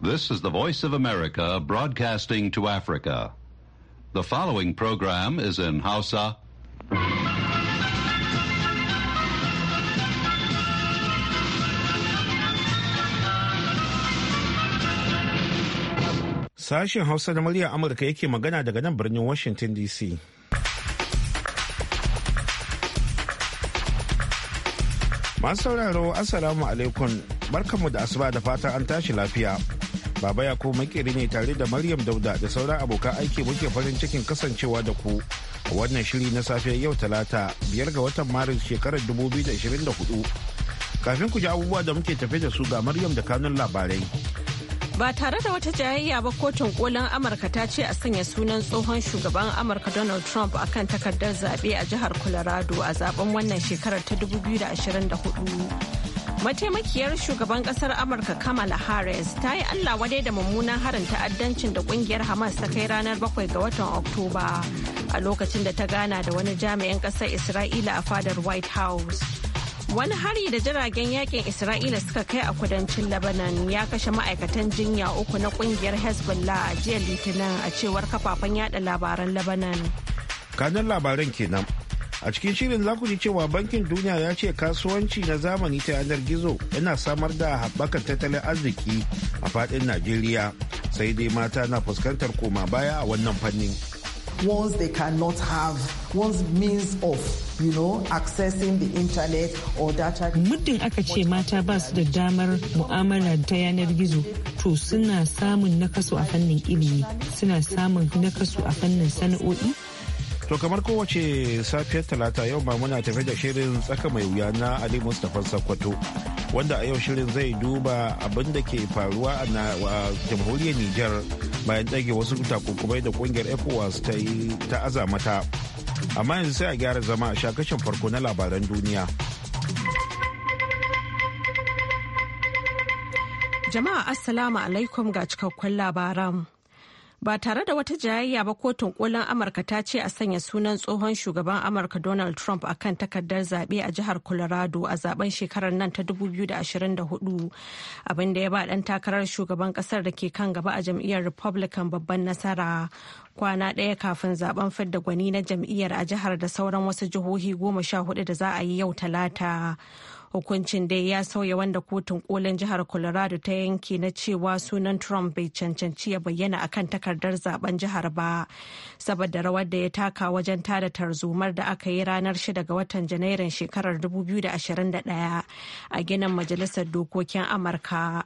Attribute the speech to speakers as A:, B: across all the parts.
A: This is the Voice of America broadcasting to Africa. The following program is in Hausa.
B: Sashen Hausa na muryar Amurka yake magana daga nan birnin Washington DC. Masu sauraro, Assalamu alaikum, barkanmu da asuba da fatan an tashi lafiya. Baba ya kuma kiri ne tare da Maryam Dauda da sauran abokan aiki muke farin cikin kasancewa da ku. Wannan shiri na safiyar yau talata biyar ga watan Maris shekarar 2024. Kafin ku ji abubuwa da muke tafe da su ga Maryam da kanun labarai.
C: Ba tare da wata jayayya ba kotun kolin Amurka ta ce a sanya sunan tsohon shugaban Amurka Donald Trump a kan takardar zaɓe a jihar Colorado a zaben wannan shekarar ta 2024. mataimakiyar shugaban kasar amurka kamala harris ta yi allah wadai da mummunan harin ta'addancin da kungiyar hamas ta kai ranar 7 ga watan oktoba a lokacin da ta gana da wani jami'in kasar isra'ila a fadar white house wani hari da jiragen yakin isra'ila suka kai a kudancin lebanon ya kashe ma'aikatan jinya uku na kungiyar hezbollah a jiya litinin a cewar kafafen yada labaran lebanon
B: Kanin labaran kenan a cikin shirin za ji cewa bankin duniya ya ce kasuwanci na zamani ta yanar gizo yana samar da haɓakar tattalin arziki a faɗin najeriya sai dai mata na fuskantar koma baya a wannan fannin
A: once they cannot have one's means of you know accessing the internet or data muddin aka ce mata ba su da damar mu'amala ta yanar gizo to suna samun nakasu a fannin ilimi suna samun nakasu a fannin sana'o'i
B: To kamar kowace safiyar talata yau ma muna tafi da shirin tsaka mai wuya na Ali Mustapha Sakwato wanda a yau shirin zai duba abin da ke faruwa a jamhuriyar Nijar bayan ɗage wasu takunkumai da kungiyar ECOWAS ta yi ta aza mata. Amma yanzu sai a gyara zama a shakashin farko na labaran duniya.
C: Jama'a Assalamu alaikum ga cikakkun labaran. ba tare da wata jayayya ba kotun kolin amurka ta ce a sanya sunan tsohon shugaban amurka donald trump a kan takardar zaɓe a jihar colorado a zaben shekarar nan ta 2024 abinda ya ba ɗan takarar shugaban ƙasar da ke kan gaba a jam'iyyar republican babban nasara kwana ɗaya kafin zaben fidda gwani na jam'iyyar a jihar da sauran wasu jihohi goma sha hudu da za a yi yau talata hukuncin dai ya sauya wanda kotun kolin jihar colorado ta yanke na cewa sunan trump bai cancanci ya bayyana akan takardar zaben jihar ba saboda rawar da ya taka wajen tada tarzomar da aka yi ranar 6 ga watan janairun shekarar 2021 a ginin majalisar dokokin amurka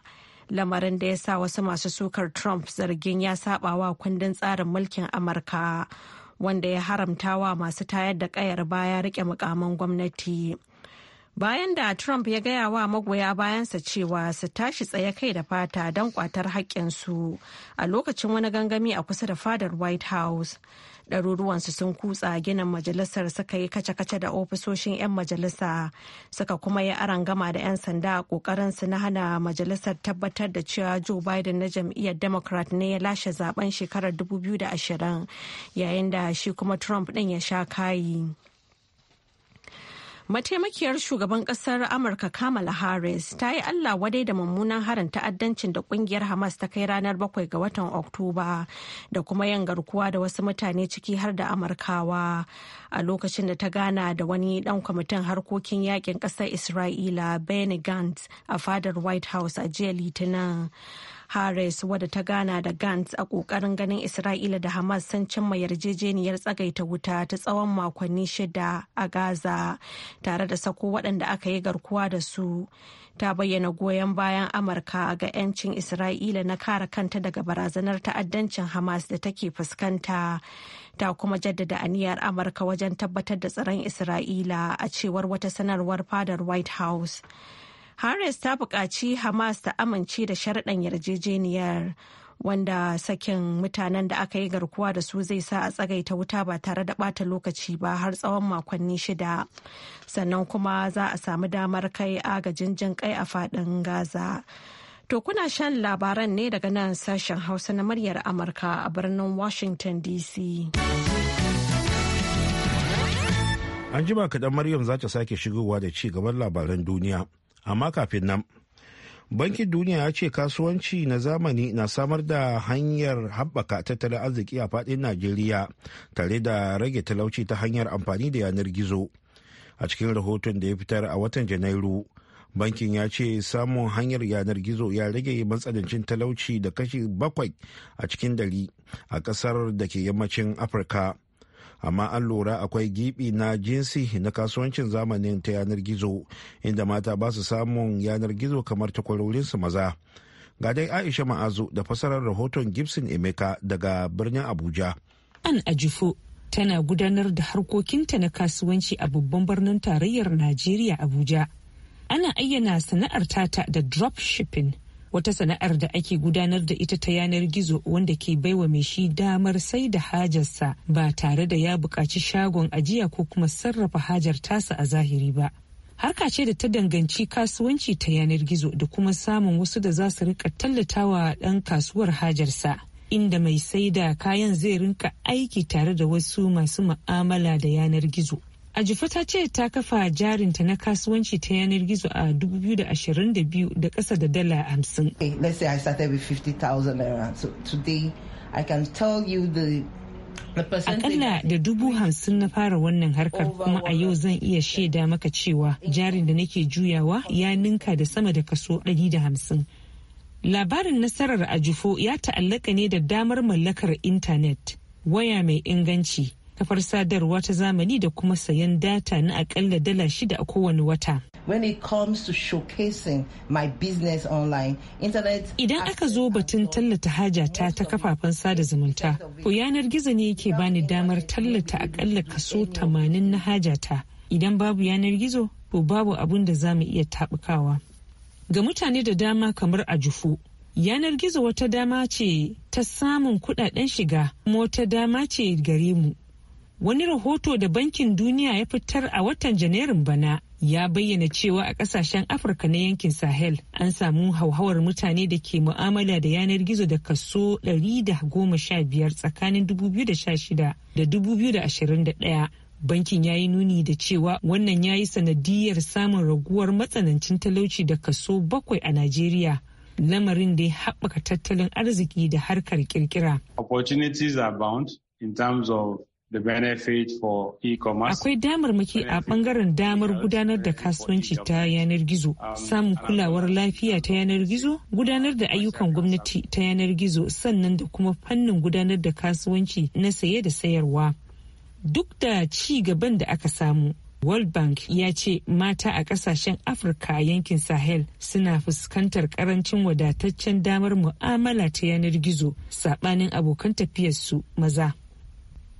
C: lamarin da ya sa wasu masu sukar trump zargin ya saba wa kundin tsarin mulkin amurka wanda ya haramta wa masu tayar da kayar baya rike mukamin gwamnati. bayan da trump ya gaya wa magoya bayansa cewa su tashi tsaye kai da fata don kwatar haƙƙinsu a lokacin wani gangami a kusa da fadar white house ɗaruruwansu sun kutsa ginin majalisar suka yi kace-kace da ofisoshin 'yan majalisa suka kuma yi gama da 'yan sanda a ƙoƙarin su na hana majalisar tabbatar da cewa joe biden na jam'iyyar democrat ne ya lashe zaben shekarar 2020 yayin da shi kuma trump ɗin ya sha kayi. Mataimakiyar shugaban kasar Amurka Kamala Harris ta yi Allah wadai da mummunan harin ta'addancin da kungiyar Hamas ta kai ranar bakwai ga watan Oktoba da kuma yin garkuwa da wasu mutane ciki har da Amurkawa a lokacin da ta gana da wani dan kwamitin harkokin yakin kasar Isra'ila Benny Gantz a fadar White House a jiya Litinin. Harris wadda ta gana da Gantz a ƙoƙarin ganin Isra'ila da Hamas sun cimma yarjejeniyar tsagaita wuta ta tsawon makonni shida a Gaza tare da sako waɗanda aka yi garkuwa da su. Ta bayyana goyon bayan Amurka ga 'yancin Isra'ila na kare kanta daga barazanar ta'addancin Hamas da take fuskanta. Ta kuma jaddada aniyar Amurka wajen tabbatar da tsaron Isra'ila a cewar wata sanarwar fadar White House. Harris ta buƙaci Hamas ta amince da sharaɗan yarjejeniyar wanda sakin mutanen da aka yi garkuwa da su zai sa a tsagaita wuta ba tare da ɓata lokaci ba har tsawon makonni shida sannan kuma za a samu damar kai agajin jin kai a faɗin gaza to kuna shan labaran ne daga nan sashen hausa na muryar amurka a birnin washington dc
B: an jima kaɗan maryam za ta sake shigowa da ci gaban labaran duniya amma kafin nan bankin duniya ya ce kasuwanci na zamani na samar da hanyar haɓaka tattalin arziki a faɗin najeriya tare da rage talauci ta hanyar amfani da yanar gizo a cikin rahoton da ya fitar a watan janairu bankin ya ce samun hanyar yanar gizo ya rage matsanancin talauci da kashi bakwai a cikin dari a kasar da ke yammacin afirka amma an lura akwai gibi na jinsi na kasuwancin zamanin ta yanar gizo inda mata ba su samun yanar gizo kamar ta su maza ga dai aisha ma'azu da fasarar rahoton gibson emeka daga birnin abuja
A: an ajifo tana gudanar da harkokinta na kasuwanci a babban birnin tarayyar najeriya abuja ana ayyana sana'ar tata da drop shipping wata sana'ar da ake gudanar da ita ta yanar gizo wanda ke baiwa mai shi damar sai da hajarsa ba tare da ya buƙaci shagon ajiya ko kuma sarrafa hajar tasa a zahiri ba. harka ce da ta danganci kasuwanci ta yanar gizo da kuma samun wasu da za su rika tallatawa ɗan kasuwar hajarsa inda mai sai da kayan zai rinka aiki tare da wasu masu ma'amala da yanar gizo jifa ta ce ta kafa jarinta na kasuwanci ta yanar gizo a 2022 da ƙasa da dala 50. Eh, let's say I started with 50,000 Akalla da dubu hamsin na fara wannan harkar kuma a yau zan iya shaida maka cewa jarin da nake juyawa ya ninka da sama da kaso ɗari da hamsin. Labarin nasarar ajufo ya ta'allaka ne da damar mallakar intanet, waya mai inganci, kafar sadarwa ta zamani da kuma sayan data na akalla dala shida a kowane wata. when it comes to showcasing my business online. Internet Idan aka zo batun tallata hajata ta kafafen sada zumunta, ko yanar gizo ne yake bani damar tallata akalla kaso tamanin na hajata. Idan babu yanar gizo, ko babu abun da za mu iya tabukawa. Ga mutane da dama kamar a jufu, yanar gizo wata dama ce ta samun kudaden shiga, kuma wata dama ce gare mu. Wani rahoto da Bankin Duniya ya fitar a watan Janairun bana ya bayyana cewa a kasashen Afirka na yankin Sahel an samu hauhawar mutane da ke mu'amala da yanar gizo da kaso 115 tsakanin 2016 da 2021. bankin ya yi nuni da cewa wannan ya yi sanadiyar samun raguwar matsanancin talauci da kaso bakwai a najeriya lamarin da ya haɓaka tattalin arziki da harkar kirkira.
D: opportunities bound in terms of Akwai
A: damarmaki a bangaren damar gudanar da kasuwanci ta yanar gizo, um, samun kulawar lafiya ta yanar gizo, gudanar da ayyukan gwamnati ta yanar gizo sannan da kuma fannin gudanar da kasuwanci na saye da sayarwa. Duk da ci gaban da aka samu, World Bank ya ce mata a kasashen Afirka yankin Sahel suna fuskantar karancin wadataccen damar mu'amala ta yanar gizo, saɓanin abokan tafiyarsu maza.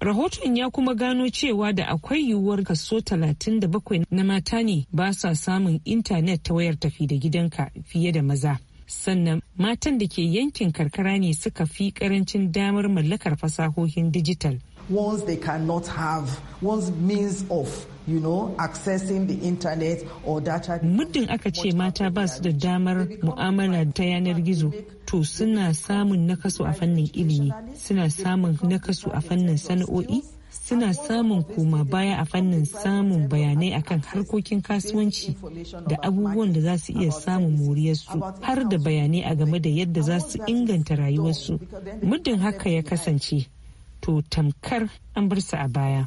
A: Rahoton ya kuma gano cewa da akwai yiwuwar kaso 37 na mata ne ba sa samun intanet ta wayar tafi da gidanka fiye da maza. Sannan matan da ke yankin karkara ne suka fi karancin damar mallakar fasahohin dijital. ones they cannot have ones means of you know, accessing the internet or data. Muddin aka ce mata ba su da damar mu'amala ta yanar gizo, to suna samun nakasu a fannin ilimi, suna samun nakasu a fannin sana'o'i, suna samun koma baya a fannin samun bayanai akan harkokin kasuwanci da abubuwan da za su iya samun moriyarsu har da bayanai a game da yadda za su inganta rayuwarsu. Muddin haka ya kasance. to tamkar an bar su a baya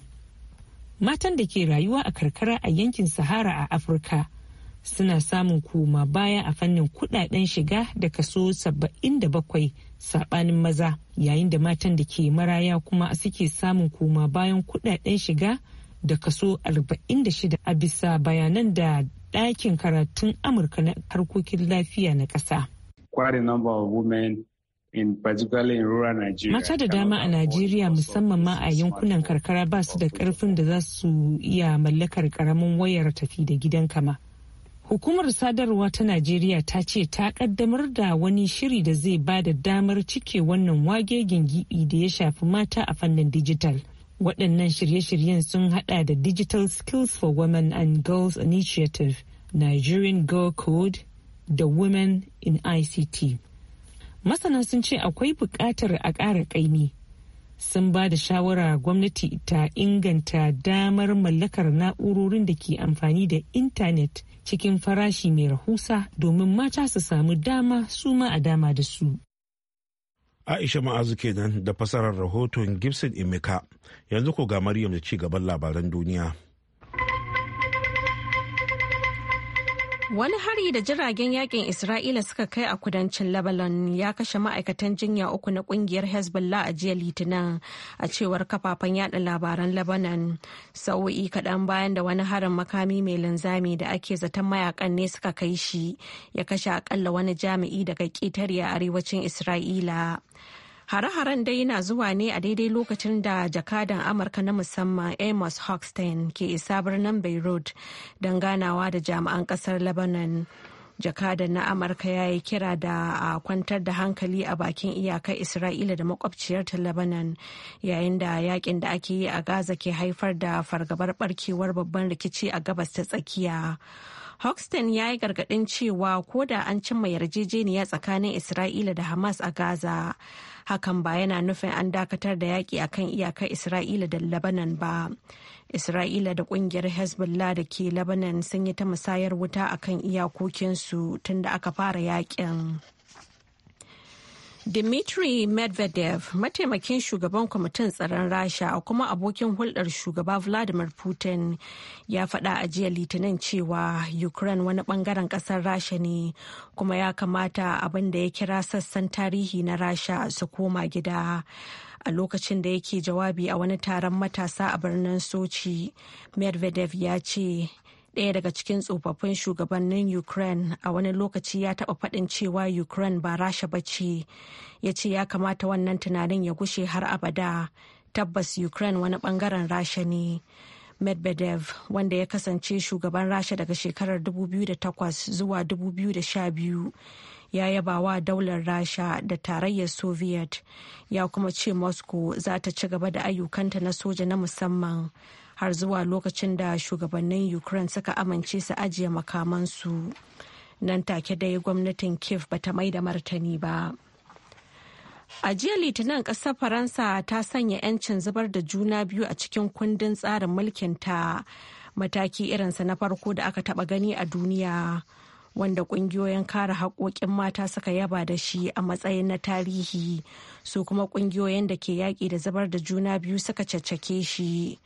A: matan da ke rayuwa a karkara a yankin sahara a afirka suna samun koma baya a fannin kudaden shiga da kaso 77 sabanin maza yayin da matan da ke maraya kuma suke samun koma bayan kudaden shiga da kaso 46 a bisa bayanan da ɗakin karatun amurka na harkokin lafiya na ƙasa.
E: Quite a number of women Mata da dama a
A: Najeriya musamman ma a yankunan karkara ba su da karfin da za su iya mallakar karamin wayar tafi da gidan kama. Hukumar sadarwa ta Najeriya ta ce ta kaddamar da wani shiri da zai ba da damar cike wannan wage gibi da ya shafi mata a fannin digital. Waɗannan shirye-shiryen sun haɗa da Digital Skills for Women and Girls Initiative, Nigerian Girl Code, da Women in ICT. masana sun ce akwai buƙatar a ƙara ƙaimi sun ba da shawara gwamnati ta inganta damar mallakar na'urorin da ke amfani da intanet cikin farashi mai rahusa domin mata su samu dama su ma a dama da su.
B: Aisha ma'azu kenan da fasarar rahoton Gibson Emeka yanzu ko ga Maryam da ci gaban labaran duniya.
C: Wani hari da jiragen yakin Isra'ila suka kai a kudancin Lebanon ya kashe ma'aikatan jinya uku na kungiyar Hezbollah a jiya Litinin a cewar kafafen yada labaran Lebanon. Sau'i kaɗan bayan da wani harin makami mai linzami da ake zaton mayakan ne suka kai shi ya kashe akalla wani jami'i daga ƙetare a arewacin Isra'ila. Hare-haren dai na zuwa ne a daidai lokacin da jakadan Amurka na musamman Amos Hochstein ke isa birnin Beirut don ganawa da jami'an kasar Lebanon. jakadan na amurka ya yi kira da a kwantar da hankali a bakin iyakar isra'ila da makwabciyar ta lebanon yayin da yakin da ake yi a gaza ke haifar da fargabar barkewar babban rikici a gabas ta tsakiya Hoxton ya yi gargadin cewa ko da an cimma yarjejeniya tsakanin Isra'ila da Hamas a Gaza, hakan ba yana nufin an dakatar da yaƙi a kan iyakar isra'ila da labanan ba isra'ila da ƙungiyar hezbollah da ke labanan sun yi ta musayar wuta a kan iyakokinsu tun da aka fara yaƙin. Dimitri Medvedev, mataimakin shugaban kwamitin tsaron Rasha a kuma abokin hulɗar shugaba Vladimir Putin ya faɗa a jiya Litinin cewa Ukraine wani ɓangaren ƙasar Rasha ne kuma ya kamata abin da ya kira sassan tarihi na Rasha su koma gida. A lokacin da yake jawabi a wani taron matasa a birnin Sochi, Medvedev ya ce ɗaya daga cikin tsofaffin shugabannin ukraine a wani lokaci ya taɓa faɗin cewa ukraine ba rasha ba ce ya ce ya kamata wannan tunanin ya gushe har abada tabbas ukraine wani ɓangaren rasha ne medvedev wanda ya kasance shugaban rasha daga shekarar 2008 zuwa 2012 ya yaba wa daular rasha da tarayyar soviet ya kuma ce moscow za ta ci gaba da ayyukanta na soja na musamman har zuwa lokacin da shugabannin ukraine suka amince su ajiye makamansu nan take dai gwamnatin kiev ta mai da martani ba a jiya litinin ƙasar faransa ta sanya 'yancin zubar da juna biyu a cikin kundin tsarin mulkin ta mataki irinsa na farko da aka taba gani a duniya wanda kungiyoyin kare haƙoƙin mata suka yaba da shi a matsayin na tarihi su kuma kungiyoyin da ke yaƙi da zubar da juna biyu suka caccake shi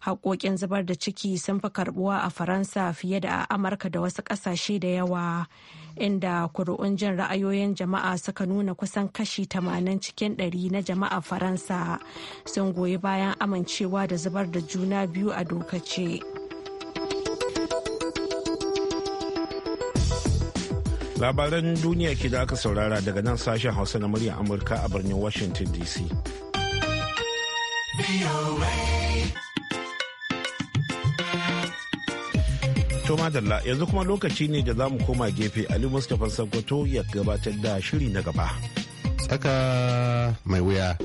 C: haƙoƙin zubar da ciki sun fi karbuwa a faransa fiye da a amurka da wasu ƙasashe da yawa inda kuri'un jin ra'ayoyin jama'a suka nuna kusan kashi 80 cikin 100 na jama'a faransa sun goyi bayan amincewa da zubar da juna biyu a dokace
B: labaran duniya ke da aka saurara daga nan sashen hausa na muryar amurka a birnin washington dc To madalla yanzu kuma lokaci ne da za mu koma gefe Ali Mustapha Sankwato ya gabatar da shiri na gaba.
F: Tsaka mai wuya.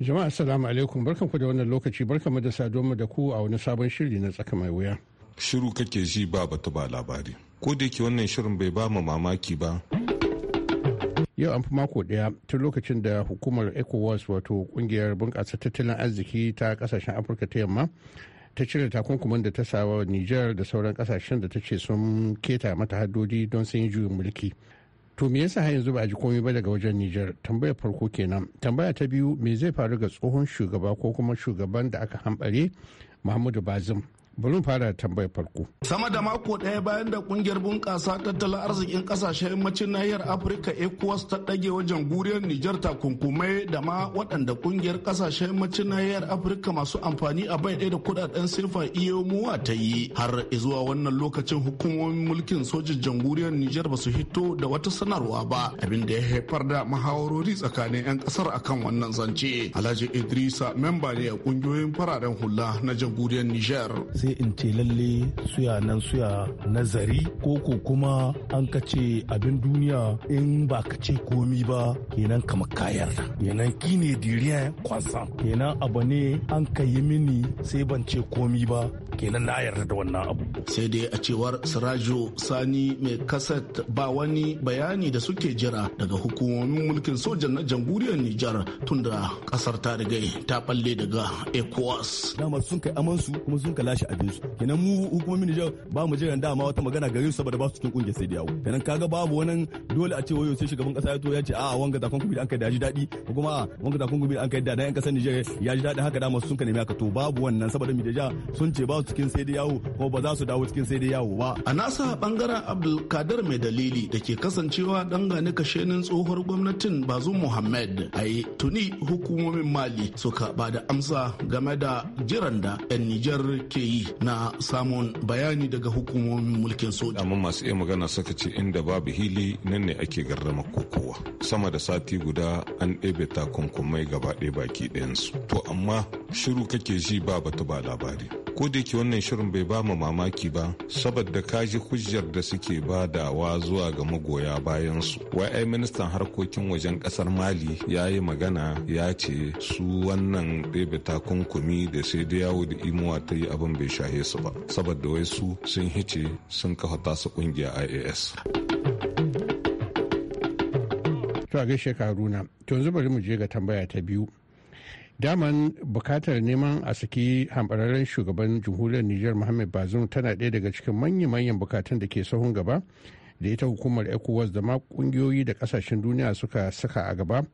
F: Jama'a assalamu alaikum ku da wannan lokaci mu da saduwa da ku a wani sabon shiri na tsaka mai wuya.
D: Shiru kake ji ba batu ba labari. Ko da yake wannan shirin bai ba mu mamaki ba.
F: Yau an fi mako ɗaya tun lokacin da hukumar ECOWAS wato kungiyar bunƙasa tattalin arziki ta ƙasashen Afirka ta yamma ta cire takunkuman da ta sawa Nijar da sauran kasashen da ta ce sun keta mata haddodi don sun yi juyin mulki. To me yasa har yanzu ba a ji komai ba daga wajen Nijar? Tambayar farko kenan. Tambaya ta biyu me zai faru ga tsohon shugaba ko kuma shugaban da aka hambare Muhammadu Bazum bari fara tambayar farko.
G: sama da mako ɗaya bayan da kungiyar bunƙasa tattalin arzikin ƙasashen yammacin nahiyar afirka ecowas ta ɗage wajen guriyar nijar kunkumai da ma waɗanda kungiyar ƙasashen yammacin nahiyar afirka masu amfani a bai ɗaya da kuɗaɗen sefa iyomuwa e ta yi har zuwa wannan lokacin hukumomin mulkin sojin jamhuriyar nijar ba su hito da wata sanarwa ba abin da ya haifar da mahawarori tsakanin 'yan ƙasar akan wannan zance alhaji idrisa memba ne a ƙungiyoyin fararen hula na jamhuriyar nijar. sai in ce lalle suya nan suya nazari ko ko kuma an ka abin duniya in ba ka ce komi ba kenan kama kayar kenan ki ne diriya kenan abu ne an ka yi mini sai ban ce komi ba kenan na ayar da wannan abu sai dai a cewar sirajo sani mai kaset ba wani bayani da suke jira daga hukumomin mulkin sojan na jamhuriyar nijar tunda kasar ta riga ta balle daga ecowas dama sun kai amansu kuma sun ka lashe abin su kenan mu hukumomin nijar ba mu jiran dama wata magana gare su saboda ba su cikin kungiyar sai da yawo kenan kaga babu wani dole a ce wayo sai shugaban kasa ya to ya ce a wanga kun kubi an kai da ji daɗi ko kuma wanga kun kubi an kai da dan kasar nijar ya ji daɗi haka dama sun ka nemi haka to babu wannan saboda mi da sun ce ba cikin sai dai yawo ko ba za su dawo cikin sai dai yawo ba a nasa bangaren abdulkadir mai dalili da ke kasancewa dan gani kashenin tsohuwar gwamnatin bazu muhammad ai tuni hukumomin mali suka ba da amsa game da jiran da yan nijar ke yi na samun bayani daga hukumomin mulkin soja amma
D: masu iya magana suka ce inda babu hili nan ne ake garrama kokowa sama da sati guda an ɗebe takunkumai gaba ɗaya baki ɗayansu to amma shiru kake ji ba batu ba labari ko da yake wannan shirin bai ba mu mamaki ba saboda kaji hujjar da suke badawa zuwa ga magoya bayan su wai ministan harkokin wajen kasar mali ya yi magana ya ce su wannan ɗebe takunkumi da sai da yawo da imuwa ta yi abin bai shahe su ba saboda wai su sun hice sun kafa tasu kungiya ias
F: to a gaishe karuna to yanzu bari mu je ga tambaya ta biyu daman bukatar neman a saki hambararren shugaban jamhuriyar niger muhammad bazum tana ɗaya daga cikin manya-manyan bukatun da ke sahun gaba da ita hukumar ecowas da ma kungiyoyi da kasashen duniya suka saka a gaba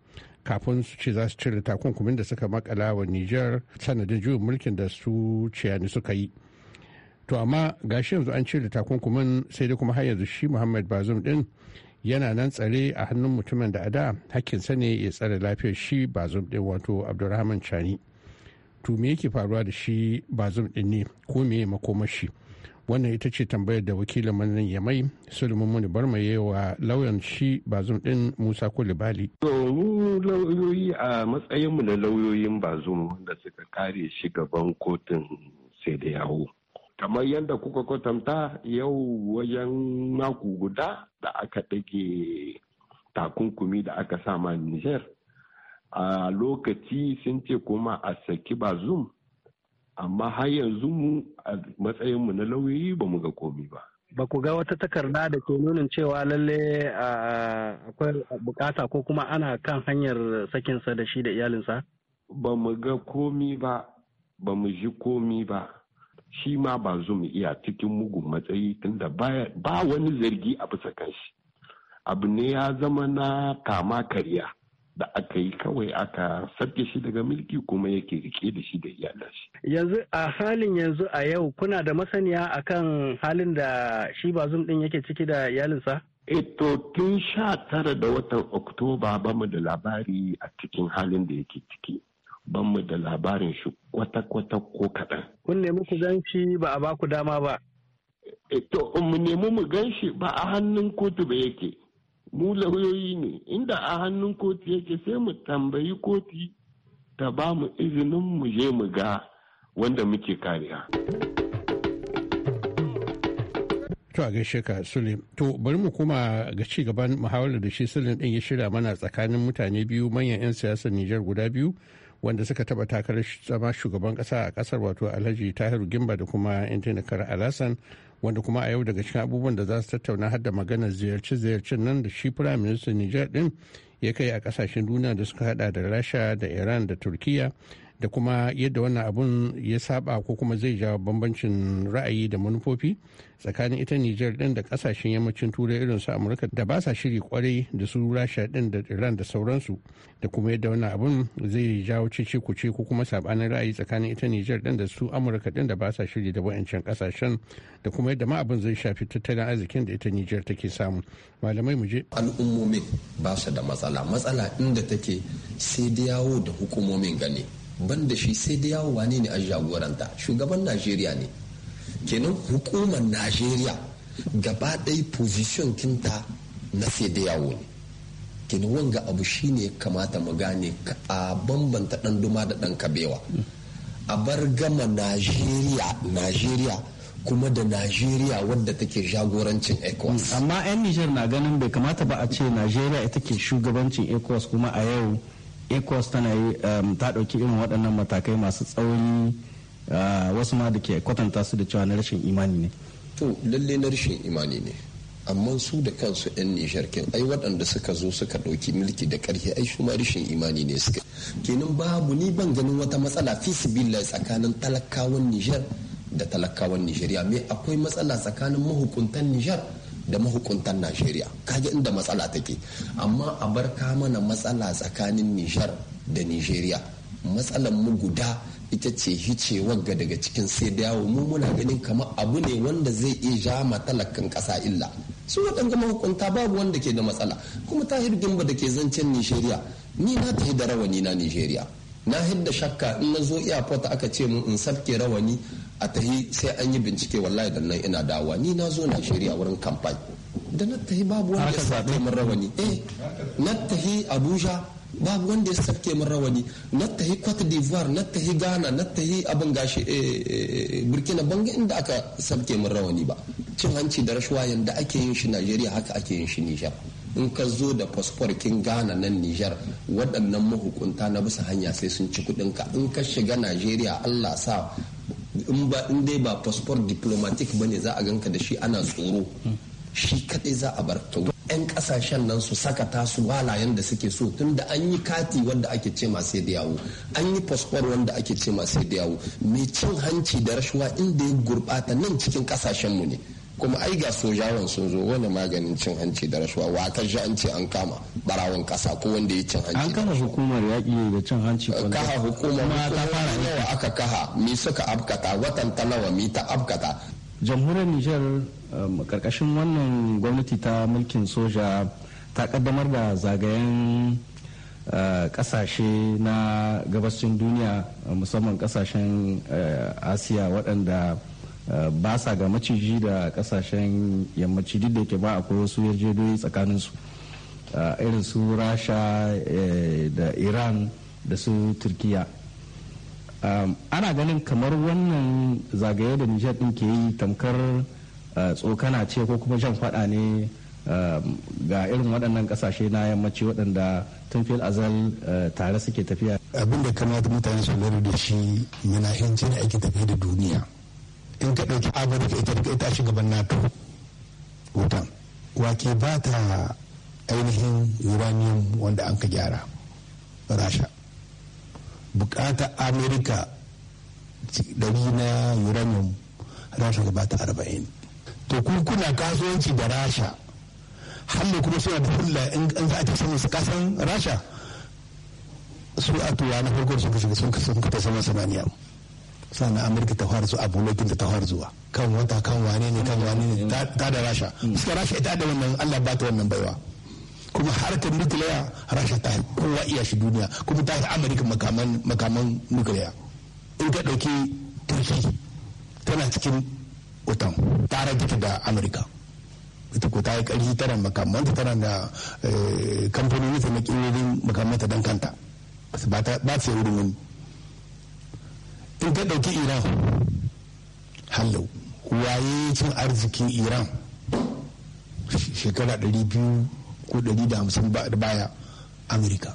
F: kafin su ce za su cire takunkumin da suka makala wa niger sanadin juyin mulkin da su ciyani suka yi to amma gashi yanzu an cire takunkumin sai dai kuma har yanzu shi muhammad bazum din yana nan tsare a hannun mutumin da a da hakkinsa ne ya tsare lafiyar shi bazum din wato abdulrahman chani to me yake faruwa da shi bazum din ne ko me ya makomashi shi wannan ita ce tambayar da wakilin manan yamai sulaiman muni barma ya wa lauyan shi bazum din musa kulibali to
D: mu lauyoyi a matsayinmu na lauyoyin bazum da suka kare shi gaban kotun sai da yawo kamar yadda kuka kwatanta yau wajen maku guda da aka ɗage takunkumi da aka sama Niger a lokaci sun ce kuma a saki ba zoom amma har yanzu mu a matsayinmu na lauyoyi ba mu ga komi ba
H: ba ku ga wata
E: takarda da ke nunin cewa lalle akwai bukata ko kuma ana kan
D: hanyar sakinsa da shi da iyalinsa ba mu ga komi ba ba mu ji komi ba shi ma ba mu iya cikin mugun matsayi tunda ba wani zargi a bisa kanshi abu ne ya zama na kama karya da aka yi kawai aka sabke shi daga mulki kuma yake rike da shi da iyalan Yanzu
E: a halin yanzu a yau kuna da masaniya akan halin da shi bazum din yake ciki da iyalinsa?
D: Eto eh tun sha tara da watan Oktoba ba mu da labari a cikin halin da yake ciki. ban mu da labarin shi kwata-kwata ko kaɗan. Kun nemi ku gan shi ba a baku dama ba. Eh, to, mu nemi mu gan shi ba a hannun kotu ba yake. Mu lauyoyi ne, inda a hannun kotu yake sai mu tambayi kotu ta ba mu izinin mu je mu ga wanda muke kariya.
F: To a gaishe ka Sulim. To bari mu koma ga ci gaban muhawarar da shi Sulim din ya shirya mana tsakanin mutane biyu manyan 'yan siyasar Nijar guda biyu wanda suka taba takarar zama shugaban kasa a kasar wato alhaji tahir gimba da kuma kar alasan wanda kuma a yau daga cikin abubuwan da za su tattauna har da maganar ziyarce-ziyarcen nan da shi firayim ministan nijar din ya kai a kasashen duniya da suka hada da rasha da iran da turkiyya. da kuma yadda wannan abun ya saba ko kuma zai jawo bambancin ra'ayi da manufofi tsakanin ita Nijar din da kasashen yammacin turai irin su Amurka da ba sa shiri kwarai da su Rasha din da Iran da sauransu da kuma yadda wannan abun zai jawo cece kuce ko kuma sabanin ra'ayi tsakanin ita Nijar din da su Amurka din da ba sa shiri da wayancan kasashen da kuma yadda ma abun zai shafi tattalin arzikin da ita Nijar take samu malamai muje. je al'ummomin ba su da matsala matsala inda
H: take sai da da hukumomin gani ban da shi sai da yawo wane ne a jagoranta shugaban najeriya ne kenan hukumar najeriya gaba ɗaya position kinta na sai da yawo ne kenan wanga abu shine ne kamata mu gane a bambanta ɗan duma da ɗan kabewa a bar gama najeriya najeriya kuma da najeriya wadda take jagorancin ecowas
E: amma 'yan nijar na ganin bai kamata ba a ce najeriya ita ke shugabancin ecowas kuma a yau ecos tana yi um, ta ɗauki irin waɗannan matakai masu tsauni
H: uh, wasu ma da ke kwatanta su da cewa na rashin imani ne to lalle na rashin imani ne amma su da kansu 'yan nishar kin ai waɗanda suka zo suka ɗauki mulki da ƙarfi ai su ma rashin imani ne suka kenan babu ni ban ganin wata matsala fisibila tsakanin talakawan nijar da talakawan nijeriya me akwai matsala tsakanin mahukuntan nijar da mahukuntan najeriya kaji inda matsala take amma a bar mana matsala tsakanin nijar da nijeriya matsalan mu guda ita ce hicewar ga daga cikin sai yawo mu muna ganin kamar abu ne wanda zai iya ja ma talakan ƙasa illa su waɗanda mahukunta babu wanda ke da matsala kuma ta tahir gimba da ke zancen nijeriya ni na ta da rawani na nijeriya na hidda shakka in na zo airport aka ce mu in sabke rawani a tahi sai an yi bincike wallahi da nan ina dawa ni na zo Najeriya wurin kamfani da na tahi babu wanda ya sake min rawani eh na tahi Abuja babu wanda ya sake min rawani na tahi Cote d'Ivoire na tahi Ghana na tahi abin gashi eh, eh, Burkina bangi inda aka sake min rawani ba cin hanci da rashuwa yanda ake yin shi Najeriya haka ake yin shi Nijar in ka zo da fasfor kin Ghana nan Nijar waɗannan mahukunta na bisa hanya sai sun ci kuɗin ka in ka shiga Najeriya Allah sa in dai ba passport diplomatic bane za a ganka da shi ana tsoro shi kadai za a bar to yan kasashen nan su saka su walayen da suke so tun da an yi kati wanda ake ce sai da yawo an yi fasfor wanda ake ce sai da yawo mai cin hanci da rashuwa inda ya gurbata nan cikin kasashen mu ne kuma ai ga sojawan sun zo wani maganin cin hanci da rasuwa wa kan shi an ce an kama barawon kasa ko wanda ya cin hanci an
E: kama hukumar yaƙi da cin hanci kaha hukumar ta
H: fara nawa aka kaha mi suka abkata watan talawa mi ta abkata
E: jamhuriyar nijar karkashin um, wannan gwamnati ta mulkin soja ta kaddamar da zagayen kasashe uh, na gabashin duniya uh, musamman kasashen uh, asiya waɗanda ba sa ga maciji da kasashen yammaci duk da yake ba akwai wasu yarjejoyi tsakanin su irin su rasha eh, da iran da su turkiya ana ganin kamar wannan zagaye da nijar din ke yi tamkar eh, tsokana ce ko kuma jan fada ne ga irin waɗannan kasashe na yammaci waɗanda tun fil azal eh, tare suke tafiya abinda da kamata mutane su lura da shi yana yancin ake tafiya
I: da duniya in ka ɗauki amurka ita duka ita shugaban nato wuta wake ba ta ainihin uranium wanda an ka gyara rasha bukata amurka ɗari na uranium rasha ba ta arba'in to kun kuna kasuwanci da rasha hannu kuma suna da hulla in za a ta samun su kasan rasha su a tuwa na farko shiga shiga sun kasance sun samaniya sannan amurka ta fara zuwa abu laifin ta fara zuwa kan wata kan wane ne kan wane ne ta da rasha mm. suka rasha ita da wannan allah ba ta wannan baiwa kuma harkar nukiliya rasha ta kowa iya shi duniya kuma ta fi amurka makaman nukiliya in ka ɗauki turki tana cikin otan tare jiki da amurka ita ko ta yi ƙarfi tana ta tana da eh, kamfanoni ta na ƙirorin ta don kanta ba ta yi wurin wani in ka ɗauki iran hallau waye cin arzikin iran shekara 200 ko 150 baya amurka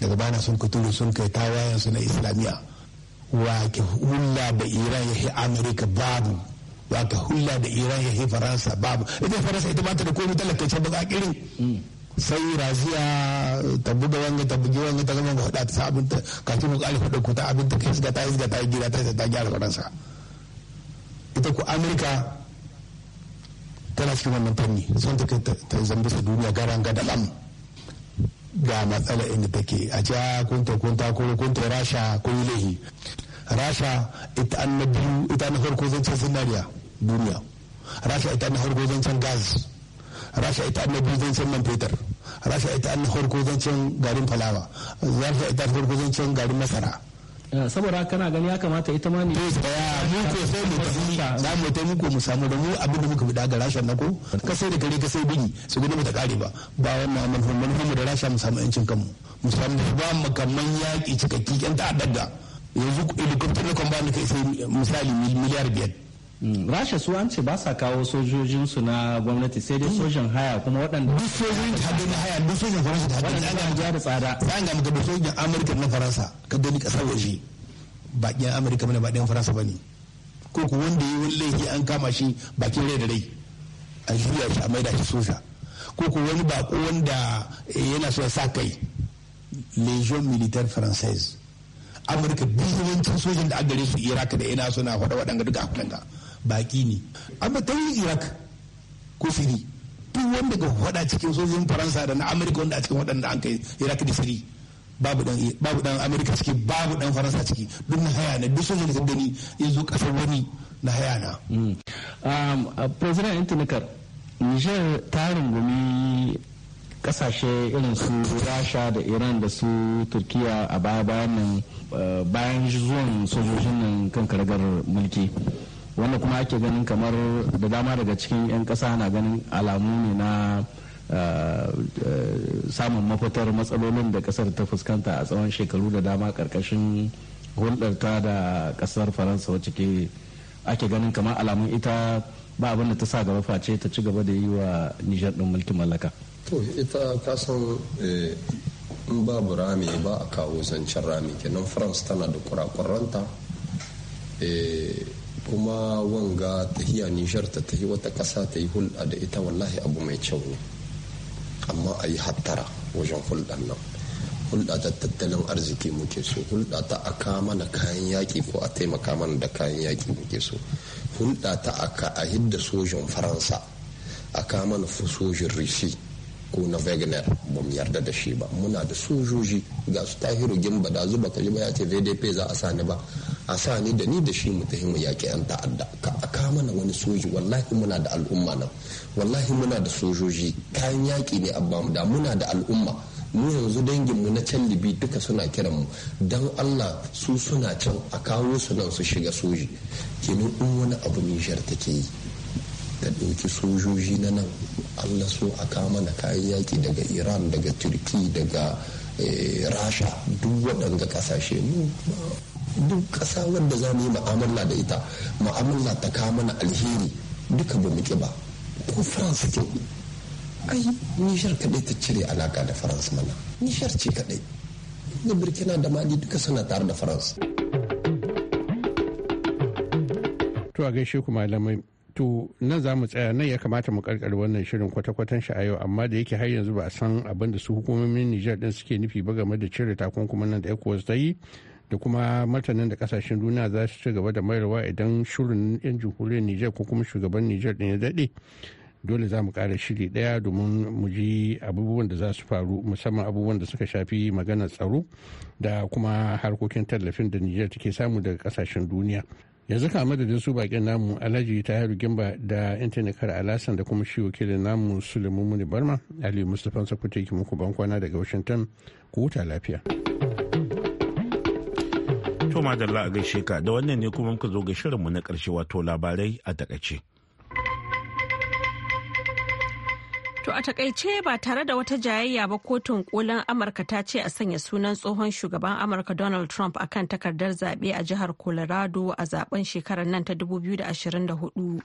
I: daga bana sun kuturu sun kai tawayensu na islamiyya wake hulla da iran ya yi amurka babu wake hulla da iran ya yi faransa babu ita faransa ita ba ta da komai talakacin baka kirin sai raziya ta buga wanga ta bugi wanga ta gama hada ta sabon ta kaki mu kalifa da ku ta abin ta kai shiga ta yi ta yi gida ta ta gyara faransa ita ku amurka tana cikin wannan fanni sun ta kai ta zambi su duniya garan ga dalam ga matsala inda take a ja ah, kunta kunta ko kunta rasha ko lehi rasha ita an na biyu ita na farko zancen sinariya duniya rasha ita na farko zancen gas rasha ita an na biyu zancen man fetur rasha ita an farko zancen garin falawa rasha ita farko zancen garin masara saboda kana gani ya kamata ita ma ne to ya mu ko sai mu tafi za mu ta muku mu samu da mu abin da muka fi daga rasha na ko ka sai da gare ka sai bini su gani ta kare ba ba wannan manufar manufar da rasha mu samu yancin kanmu mu samu da ba mu makamman yaƙi cikakki yan ta'addar daga yanzu helicopter na kwamba ka isa misali miliyar biyar Mm. rasha su an ce ba sa kawo sojojinsu na
E: gwamnati sai dai sojan haya kuma waɗanda duk sojojin
I: ta na haya duk sojan faransa ta gani an ga da tsada an ga da sojan amurka na faransa ka gani kasar waje bakin amurka mana ba ɗayan faransa ba ne ko ku wanda yi wani laifi an kama shi bakin rai da rai a juya shi a maida shi soja ko ku wani bako wanda eh, yana so sa kai legion militaire française amurka biyu yawancin sojan da agare su iraka da ina suna faɗa waɗanga duka a akwai baki ne amma ta yi iraq ko siri duk wanda ga hada cikin sojojin faransa da na amurka wanda a cikin waɗanda an kai iraq da siri babu dan babu dan amurka ciki babu dan faransa ciki duk na haya ne duk sojojin da gani yanzu kasar wani na haya na mm. um, uh, president intanikar
E: niger ta rungumi kasashe irin su rasha da iran da su turkiya a baya bayan nan uh, bayan zuwan sojojin nan kan karagar mulki wanda kuma ake ganin kamar da dama daga cikin 'yan kasa na ganin alamu ne na eh, eh, samun mafitar matsalolin da ƙasar ta fuskanta a tsawon shekaru da dama ƙarƙashin ta da ƙasar faransa wacce ke ake ganin kamar alamun ita ba abin da ta sa gaba face ta ci gaba da yi wa nijar ɗin mulkin mallaka
H: to ita kasan eh, in babu rami ba a kawo zancen rami kenan france tana da kurakuranta kuma wanga tahiya nishar ta tahi wata ƙasa ta yi hulɗa da ita wallahi abu mai kyau ne amma a yi hattara wajen hulɗan nan hulɗa ta tattalin arziki muke so hulɗa ta aka mana kayan yaƙi ko a taimaka mana da kayan yaƙi muke so hulɗa ta aka a hidda sojin faransa a ka mana sojin rishi ko na wagner ba mu yarda da shi ba muna da sojoji ga su tahiru gimba da zuba kaji ba ya ce vdp za a sani ba a sa ni da ni da shi mu tafi mu yaƙi yan ta'adda ka aka mana wani soji wallahi muna da al'umma nan wallahi muna da sojoji kayan yaƙi ne abba mu da muna da al'umma mu yanzu dangin mu na can libi duka suna kiran mu dan allah su suna can a kawo su nan su shiga soji kenan in wani abu ta take yi da ɗauki sojoji na nan allah so a kama mana kayan yaƙi daga iran daga turki daga eh, rasha duk waɗanda ƙasashe mu duk ƙasa wanda za mu yi mu'amala da ita ma'amala ta kawo mana alheri duka ba mu ba ko faransa ce ai nishar kaɗai ta cire alaka da faransa mana nishar ce kaɗai da burkina da mali duka suna tare da faransa
F: to a gaishe ku malamai to nan za mu tsaya nan ya kamata mu karkar wannan shirin kwata-kwatan shi a yau amma da yake har yanzu ba a san abin da su hukumomin Nijar din suke nufi ba game da cire takunkumin nan da ECOWAS ta yi da kuma martanin da kasashen duniya za su ci gaba da mayarwa idan shirin 'yan jamhuriyar niger ko kuma shugaban niger ɗin ya daɗe dole za mu ƙara shiri ɗaya domin mu ji abubuwan da za su faru musamman abubuwan da suka shafi magana tsaro da kuma harkokin tallafin da niger take samu daga kasashen duniya yanzu kama da su bakin namu alhaji ta haru gimba da intanet kar alasan da kuma shi wakilin namu suleiman muni barma ali mustapha sakuta ki muku bankwana daga washington
B: ku huta lafiya kuma madalla a gaishe ka da wannan ne kuma muka zo ga shirinmu na karshe wato labarai a takaice.
C: To a takaice ba tare da wata jayayya ba kotun kolin Amurka ta ce a sanya sunan tsohon shugaban Amurka Donald Trump a kan takardar zaɓe a jihar Colorado a zaben shekarar nan ta 2024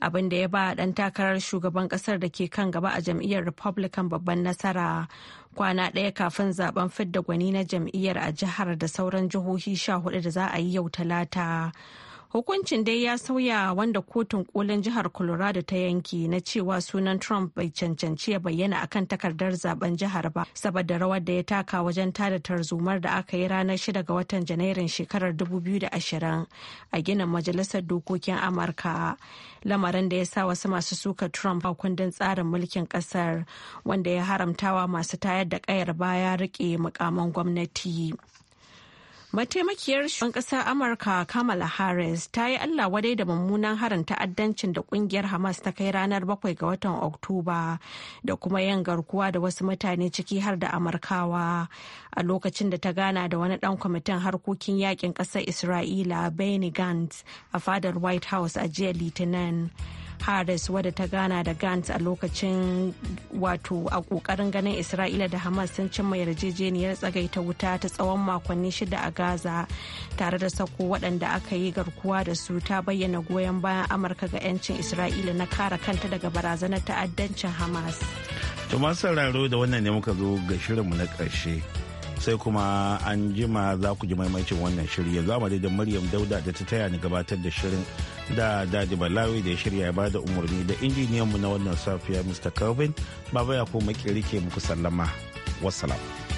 C: abinda ya ba ɗan takarar shugaban ƙasar da ke kan gaba a jam'iyyar Republican babban nasara kwana ɗaya kafin zaben fidda gwani na jam'iyyar a jihar da sauran jihohi 14 da za a yi yau talata. Hukuncin dai ya sauya wanda kotun kolin jihar Colorado ta yanki na cewa sunan Trump bai cancanci ya bayyana akan takardar zaben jihar ba saboda rawar da ya taka wajen tada tarzomar da aka yi ranar shida ga watan Janairun shekarar 2020 a ginin Majalisar Dokokin Amurka. Lamarin da ya sa wasu masu suka Trump a kundin tsarin mulkin kasar wanda ya haramtawa masu tayar da kayar baya rike mukaman gwamnati. Mataimakiyar shugaban ƙasar Amurka Kamala Harris ta yi Allah wadai da mummunan harin ta'addancin da ƙungiyar Hamas ta kai ranar 7 ga watan Oktoba da kuma yin garkuwa da wasu mutane ciki har da Amurkawa a lokacin da ta gana da wani ɗan kwamitin harkokin yakin ƙasar Isra'ila Benny Gantz a fadar White House a jiya Litinin. paris wadda ta gana da gantz a lokacin wato a kokarin ganin isra'ila da hamas sun cimma yarjejeniyar tsagaita wuta ta tsawon makonni shida a gaza tare da sako waɗanda aka yi garkuwa da su ta bayyana goyon bayan amurka ga 'yancin isra'ila na kare kanta daga barazanar ta'addancin hamas
B: to masu sauraro da wannan ne muka zo ga shirinmu na ƙarshe sai kuma an jima za ku ji maimacin wannan shirya yanzu amma da maryam dauda da ta taya ni gabatar da shirin da dadi balawi da ya shirya ya bada umarni da injiniyan mu na wannan safiya mr kelvin baba ya ko makirike muku sallama wassalam